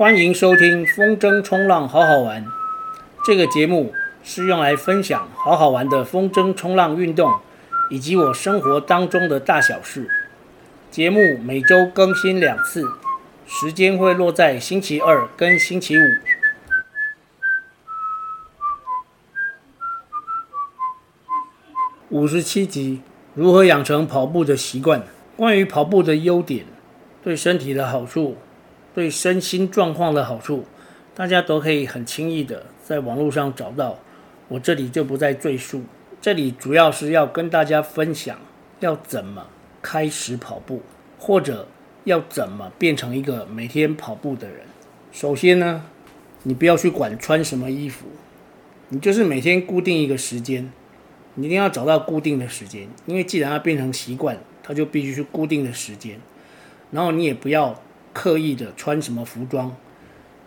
歡迎收聽風箏衝浪好好玩。這個節目是用來分享好好玩的風箏衝浪運動，以及我生活當中的大小事。節目每周更新兩次，時間會落在星期二跟星期五。五十七集：如何養成跑步的習慣？關於跑步的優點，對身體的好處。對身心狀況的好處，大家都可以很輕易的在網絡上找到，我這裡就不再贅述。這裡主要是要跟大家分享，要怎麼開始跑步，或者要怎麼變成一個每天跑步的人。首先呢，你不要去管穿什麼衣服，你就是每天固定一個時間，你一定要找到固定的時間，因為既然要變成習慣，它就必須是固定的時間。然後你也不要。刻意的穿什麼服裝，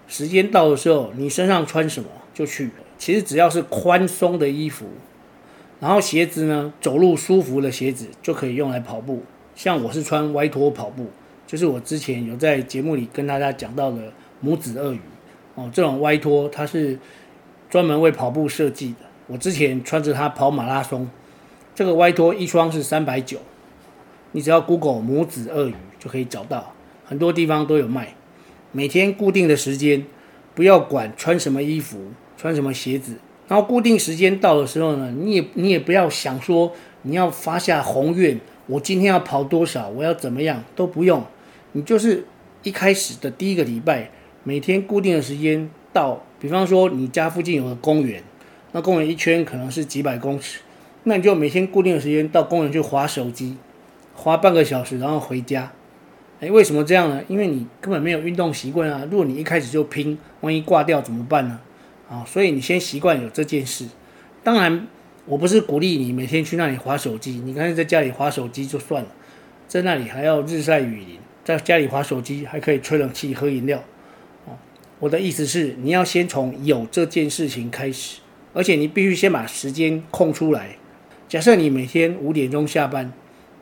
時間到的時候，你身上穿什麼就去。其實只要是寬鬆的衣服，然後鞋子呢，走路舒服的鞋子就可以用來跑步。像我是穿歪拖跑步，就是我之前有在節目裡跟大家講到的母子鱷魚哦，這種歪拖它是專門為跑步設計的。我之前穿着它跑馬拉松，這個歪拖一雙是三百九，你只要 Google 母子鱷魚就可以找到。很多地方都有賣，每天固定的時間，不要管穿什麼衣服，穿什麼鞋子。然後固定時間到的時候呢，你也你也不要想說你要發下宏願，我今天要跑多少，我要怎麼樣都不用。你就是一開始的第一個禮拜，每天固定的時間到，比方說你家附近有個公園，那公園一圈可能是幾百公尺，那你就每天固定的時間到公園去滑手機，滑半個小時，然後回家。哎，為什麼這樣呢？因為你根本沒有運動習慣啊！如果你一開始就拼，萬一掛掉怎麼辦呢？啊，所以你先習慣有這件事。當然，我不是鼓勵你每天去那裡划手機。你乾脆在家裡划手機就算了，在那裡還要日曬雨淋，在家裡划手機還可以吹冷氣、喝飲料。啊，我的意思是，你要先從有這件事情開始，而且你必須先把時間空出來。假設你每天五點鐘下班，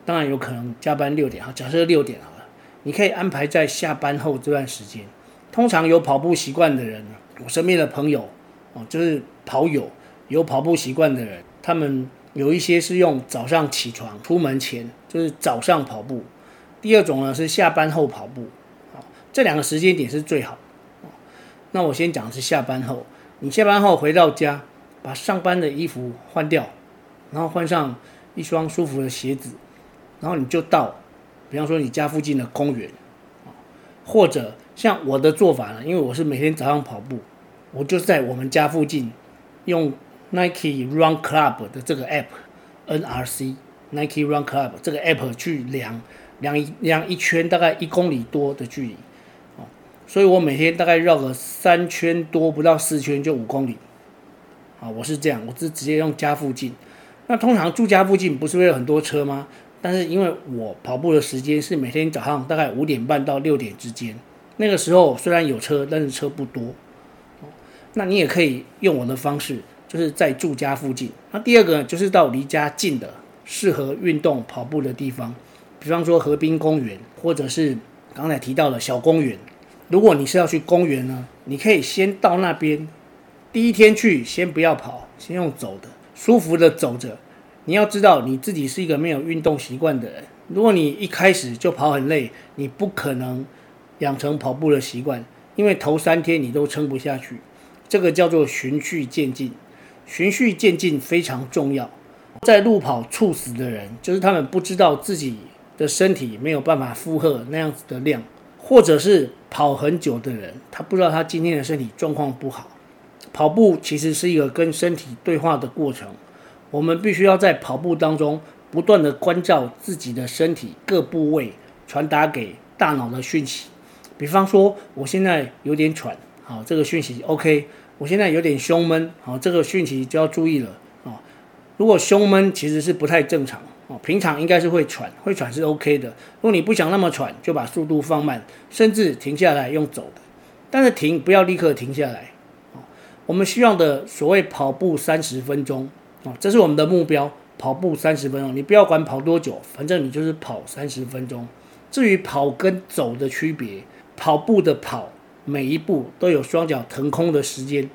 當然有可能加班六點啊。假設六點啊。好你可以安排在下班後這段時間。通常有跑步習慣的人，我身邊的朋友哦，就是跑友，有跑步習慣的人，他們有一些是用早上起床出門前，就是早上跑步；第二種呢是下班後跑步。這兩個時間點是最好。那我先講是下班後，你下班後回到家，把上班的衣服換掉，然後換上一雙舒服的鞋子，然後你就到。比方說你家附近的公園，啊，或者像我的做法呢，因為我是每天早上跑步，我就是在我們家附近用 Nike Run Club 的這個 app NRC Nike Run Club 這個 app 去量量，一量一圈大概一公里多的距離，所以我每天大概繞個三圈多，不到四圈就五公里，啊，我是這樣，我是直接用家附近，那通常住家附近不是會有很多車嗎？但是因為我跑步的時間是每天早上大概五點半到六點之間，那個時候雖然有車，但是車不多。那你也可以用我的方式，就是在住家附近。那第二個就是到離家近的適合運動跑步的地方，比方說河濱公園，或者是剛才提到的小公園。如果你是要去公園呢，你可以先到那邊，第一天去先不要跑，先用走的，舒服的走着。你要知道，你自己是一個沒有運動習慣的人。如果你一開始就跑很累，你不可能養成跑步的習慣，因為頭三天你都撐不下去。這個叫做循序漸進，循序漸進非常重要。在路跑猝死的人，就是他們不知道自己的身體沒有辦法負荷那樣子的量，或者是跑很久的人，他不知道他今天的身體狀況不好。跑步其實是一個跟身體對話的過程。我們必須要在跑步當中不斷的關照自己的身體各部位傳達給大腦的訊息，比方說我現在有點喘，好，這個訊息 OK。我現在有點胸悶，好，這個訊息就要注意了啊。如果胸悶其實是不太正常哦，平常應該是會喘，會喘是 OK 的。如果你不想那麼喘，就把速度放慢，甚至停下來用走的。但是停，不要立刻停下來。我們需要的所謂跑步三十分鐘。啊，這是我們的目標。跑步三十分鐘，你不要管跑多久，反正你就是跑三十分鐘。至於跑跟走的區別，跑步的跑每一步都有雙腳騰空的時間，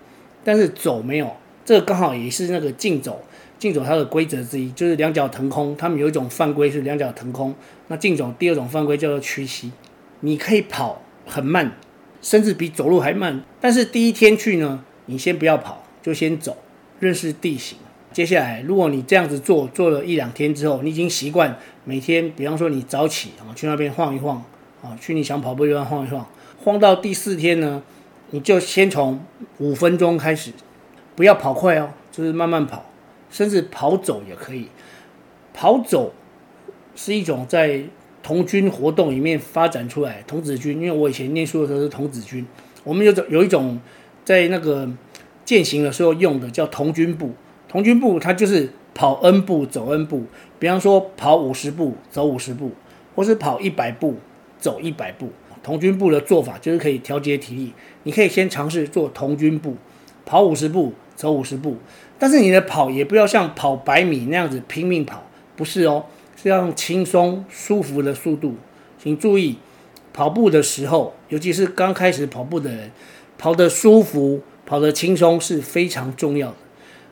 但是走沒有。這個剛好也是那個競走，競走它的規則之一就是兩腳騰空。他們有一種犯規是兩腳騰空，那競走第二種犯規叫做屈膝。你可以跑很慢，甚至比走路還慢。但是第一天去呢，你先不要跑，就先走，認識地形。接下來，如果你這樣子做，做了一兩天之後，你已經習慣每天，比方說你早起啊，去那邊晃一晃，啊，去你想跑步的地方晃一晃，晃到第四天呢，你就先從五分鐘開始，不要跑快哦，就是慢慢跑，甚至跑走也可以。跑走是一種在童軍活動裡面發展出來，童子軍，因為我以前念書的時候是童子軍，我們有有一種在那個健行的時候用的叫童軍步。童軍步，它就是跑 n 步走 n 步，比方說跑五十步走五十步，或是跑一百步走一百步。童軍步的做法就是可以調節體力，你可以先嘗試做童軍步，跑五十步走五十步。但是你的跑也不要像跑百米那樣子拼命跑，不是哦，是要用輕鬆舒服的速度。請注意，跑步的時候，尤其是剛開始跑步的人，跑得舒服、跑得輕鬆是非常重要的。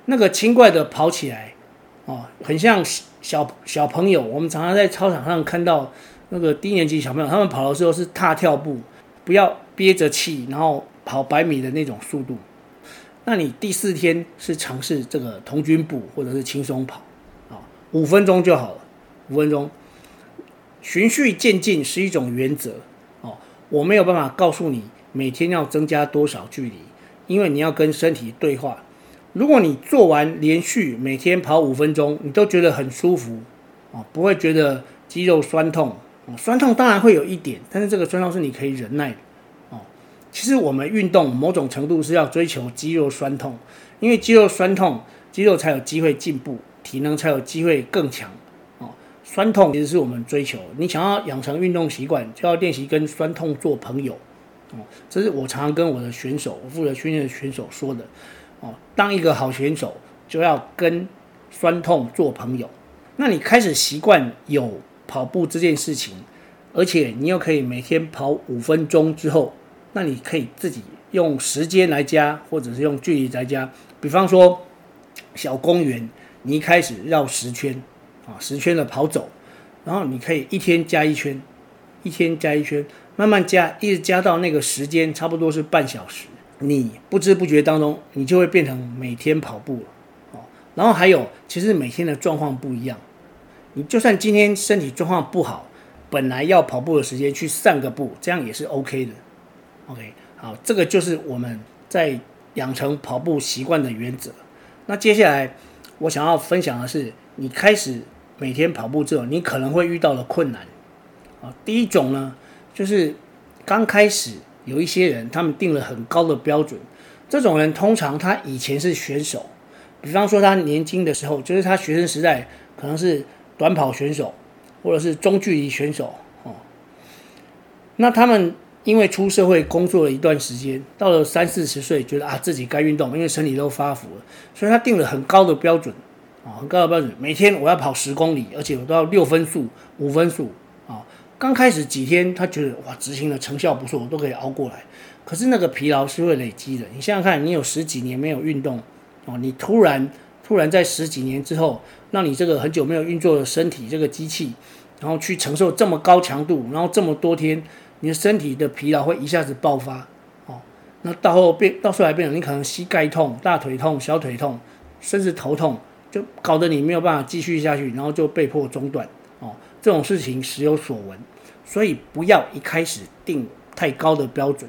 那個輕快的跑起來，哦，很像小小朋友。我們常常在操場上看到那個低年級小朋友，他們跑的時候是踏跳步，不要憋着氣，然後跑百米的那種速度。那你第四天是嘗試這個童軍步或者是輕鬆跑，哦，五分鐘就好了，五分鐘。循序漸進是一種原則，哦，我沒有辦法告訴你每天要增加多少距離，因為你要跟身體對話。如果你做完連續每天跑五分鐘，你都覺得很舒服，啊，哦，不會覺得肌肉痠痛，哦，痠痛當然會有一點，但是這個痠痛是你可以忍耐的，哦。其實我們運動某種程度是要追求肌肉痠痛，因為肌肉痠痛，肌肉才有機會進步，體能才有機會更強，哦，痠痛其實是我們追求。你想要養成運動習慣，就要練習跟痠痛做朋友，哦，這是我常常跟我的選手，我負責訓練的選手說的。當一個好選手，就要跟痠痛做朋友。那你開始習慣有跑步這件事情，而且你又可以每天跑五分鐘之後，那你可以自己用時間來加，或者是用距離來加。比方說小公園，你一開始繞十圈啊，十圈的跑走，然後你可以一天加一圈，一天加一圈，慢慢加，一直加到那個時間差不多是半小時。你不知不覺當中，你就會變成每天跑步了，哦。然後還有，其實每天的狀況不一樣，你就算今天身體狀況不好，本來要跑步的時間去散個步，這樣也是 OK 的。OK，好，這個就是我們在養成跑步習慣的原則。那接下來我想要分享的是，你開始每天跑步之後，你可能會遇到的困難。啊，第一種呢，就是剛開始。有一些人，他們定了很高的標準。這種人通常他以前是選手，比方說他年輕的時候，就是他學生時代可能是短跑選手，或者是中距離選手哦。那他們因為出社會工作了一段時間，到了三四十歲，覺得啊自己該運動，因為身體都發福了，所以他定了很高的標準啊、哦，很高的標準，每天我要跑十公里，而且我都要六分速、五分速。剛開始幾天，他覺得哇，執行的成效不錯，我都可以熬過來。可是那個疲勞是會累積的。你想想看，你有十幾年沒有運動，哦，你突然突然在十幾年之後，讓你這個很久沒有運作的身體這個機器，然後去承受這麼高強度，然後這麼多天，你的身體的疲勞會一下子爆發，哦，那到後變到後來變成你可能膝蓋痛、大腿痛、小腿痛，甚至頭痛，就搞得你沒有辦法繼續下去，然後就被迫中斷，哦，這種事情時有所聞。所以不要一開始定太高的標準，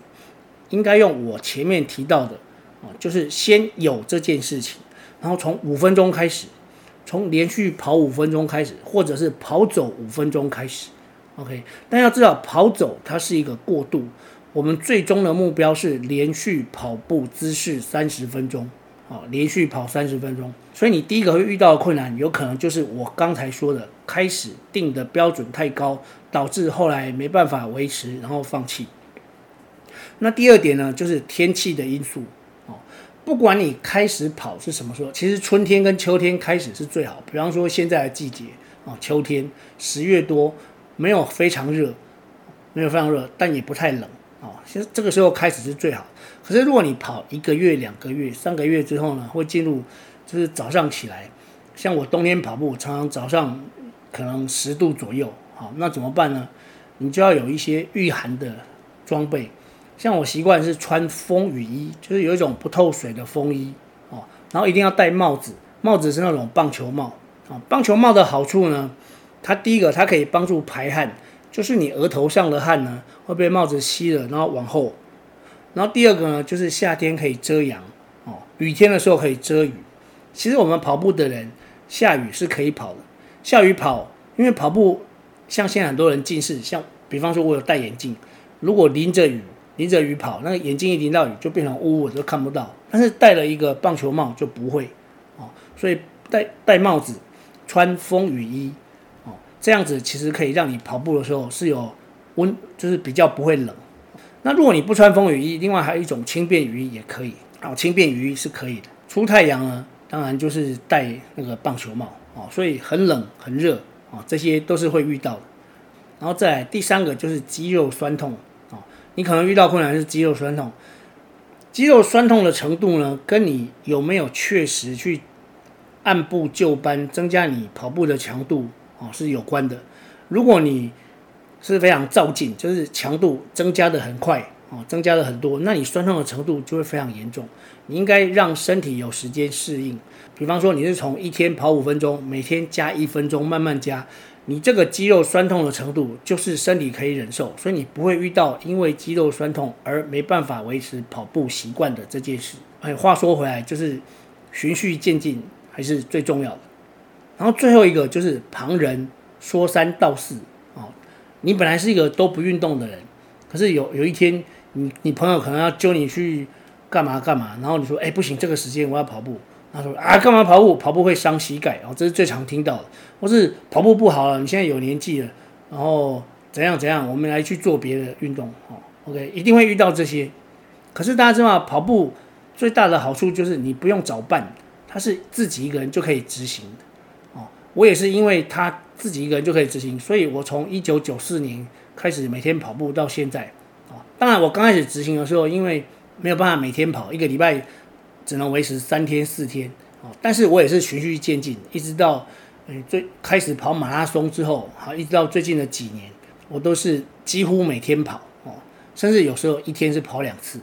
應該用我前面提到的，啊，就是先有這件事情，然後從五分鐘開始，從連續跑五分鐘開始，或者是跑走五分鐘開始，OK。但要知道跑走它是一個過渡，我們最終的目標是連續跑步姿勢三十分鐘。哦，連續跑三十分鐘，所以你第一個會遇到的困難，有可能就是我剛才說的，開始定的標準太高，導致後來沒辦法維持，然後放棄。那第二點呢，就是天氣的因素。哦，不管你開始跑是什麼時候，其實春天跟秋天開始是最好。比方說現在的季節，哦，秋天，十月多，沒有非常熱，沒有非常熱，但也不太冷，哦，其實這個時候開始是最好。可是，如果你跑一個月、兩個月、三個月之後呢，會進入就是早上起來，像我冬天跑步，常常早上可能十度左右，好、哦，那怎麼辦呢？你就要有一些禦寒的裝備，像我習慣是穿風雨衣，就是有一種不透水的風衣哦，然後一定要戴帽子，帽子是那種棒球帽啊、哦。棒球帽的好處呢，它第一個它可以幫助排汗，就是你額頭上的汗呢會被帽子吸了，然後往後。然後第二個呢，就是夏天可以遮陽哦，雨天的時候可以遮雨。其實我們跑步的人，下雨是可以跑的。下雨跑，因為跑步像現在很多人近視，像比方說我有戴眼鏡，如果淋着雨，淋着雨跑，那個眼鏡一淋到雨就變成霧、呃呃，我就看不到。但是戴了一個棒球帽就不會哦，所以戴戴帽子，穿風雨衣哦，這樣子其實可以讓你跑步的時候是有溫，就是比較不會冷。那如果你不穿風雨衣，另外還有一種輕便雨衣也可以。哦，輕便雨衣是可以的。出太陽呢，當然就是戴那個棒球帽。哦，所以很冷、很熱啊，哦，這些都是會遇到的。然後再來第三個就是肌肉痠痛。哦，你可能遇到困難是肌肉痠痛。肌肉痠痛的程度呢，跟你有沒有確實去按部就班增加你跑步的強度，哦，是有關的。如果你是非常躁進，就是強度增加的很快啊，哦，增加的很多，那你酸痛的程度就會非常嚴重。你應該讓身體有時間適應，比方說你是從一天跑五分鐘，每天加一分鐘，慢慢加，你這個肌肉酸痛的程度就是身體可以忍受，所以你不會遇到因為肌肉酸痛而沒辦法維持跑步習慣的這件事。哎，話說回來，就是循序漸進還是最重要的。然後最後一個就是旁人說三道四。你本來是一個都不運動的人，可是有有一天你，你你朋友可能要揪你去幹嘛幹嘛，然後你說，哎、欸、不行，這個時間我要跑步。他說啊，幹嘛跑步？跑步會傷膝蓋哦，這是最常聽到的。或是跑步不好了，你現在有年紀了，然後怎樣怎樣，我們來去做別的運動哦。OK，一定會遇到這些。可是大家知道，跑步最大的好處就是你不用找伴，他是自己一個人就可以執行的哦。我也是因為他。自己一個人就可以執行，所以我從一九九四年開始每天跑步到現在，啊，當然我剛開始執行的時候，因為沒有辦法每天跑，一個禮拜只能維持三天四天，啊，但是我也是循序漸進，一直到最開始跑馬拉松之後，啊，一直到最近的幾年，我都是幾乎每天跑，甚至有時候一天是跑兩次，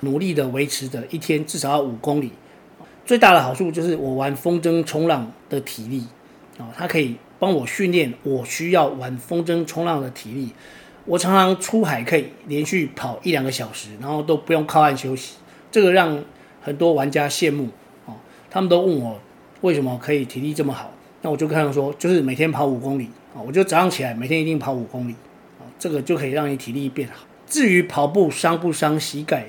努力的維持着一天至少要五公里，最大的好處就是我玩風箏衝浪的體力，啊，它可以。幫我訓練，我需要玩風箏衝浪的體力。我常常出海可以連續跑一兩個小時，然後都不用靠岸休息。這個讓很多玩家羨慕啊、哦！他們都問我為什麼可以體力這麼好，那我就跟他說，就是每天跑五公里啊、哦！我就早上起來每天一定跑五公里啊、哦，這個就可以讓你體力變好。至於跑步傷不傷膝蓋，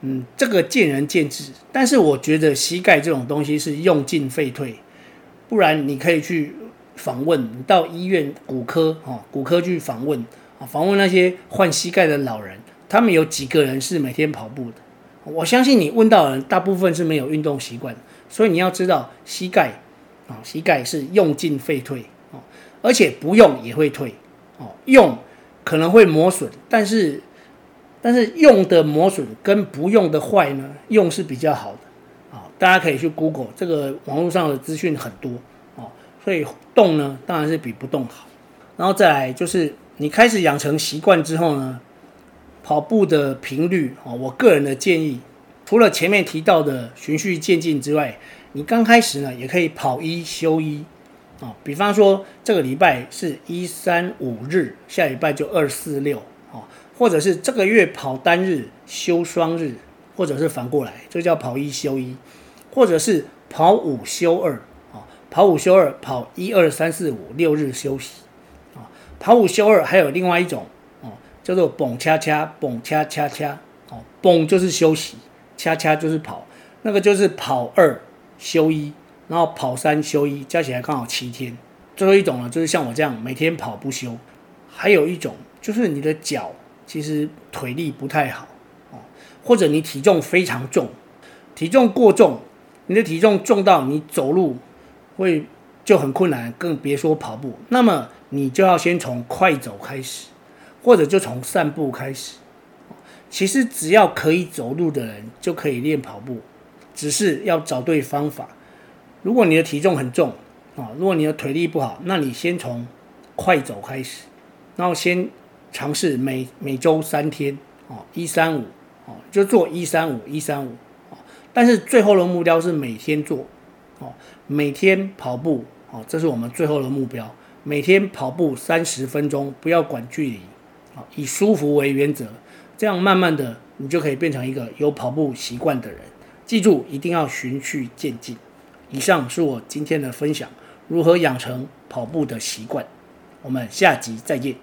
嗯，這個見仁見智。但是我覺得膝蓋這種東西是用進廢退，不然你可以去。訪問，你到醫院骨科啊，骨科去訪問啊，訪問那些換膝蓋的老人，他們有幾個人是每天跑步的？我相信你問到的人大部分是沒有運動習慣，所以你要知道膝蓋啊，膝蓋是用進廢退，而且不用也會退哦，用可能會磨損，但是但是用的磨損跟不用的壞呢，用是比較好的啊，大家可以去 Google 這個網絡上的資訊很多。所以動呢，當然是比不動好。然後再來就是，你開始養成習慣之後呢，跑步的頻率，哦，我個人的建議，除了前面提到的循序漸進之外，你剛開始呢也可以跑一休一，啊，比方說這個禮拜是一三五日，下禮拜就二四六，哦，或者是這個月跑單日休雙日，或者是反過來，這叫跑一休一，或者是跑五休二。跑五休二，跑一二三四五，六日休息，啊、哦，跑五休二還有另外一種，哦，叫做蹦恰恰蹦恰恰恰，哦，蹦就是休息，恰恰就是跑，那個就是跑二休一，然後跑三休一，加起來剛好七天。最後一種呢，就是像我這樣每天跑不休。還有一種就是你的腳其實腿力不太好，哦，或者你體重非常重，體重過重，你的體重重到你走路，會就很困難，更別說跑步。那麼你就要先從快走開始，或者就從散步開始。其實只要可以走路的人就可以練跑步，只是要找對方法。如果你的體重很重啊，如果你的腿力不好，那你先從快走開始，然後先嘗試每每周三天哦，一三五哦，就做一三五一三五，但是最後的目標是每天做。哦，每天跑步哦，這是我們最後的目標。每天跑步三十分鐘，不要管距離，啊，以舒服為原則，這樣慢慢的你就可以變成一個有跑步習慣的人。記住，一定要循序漸進。以上是我今天的分享，如何養成跑步的習慣。我們下集再見。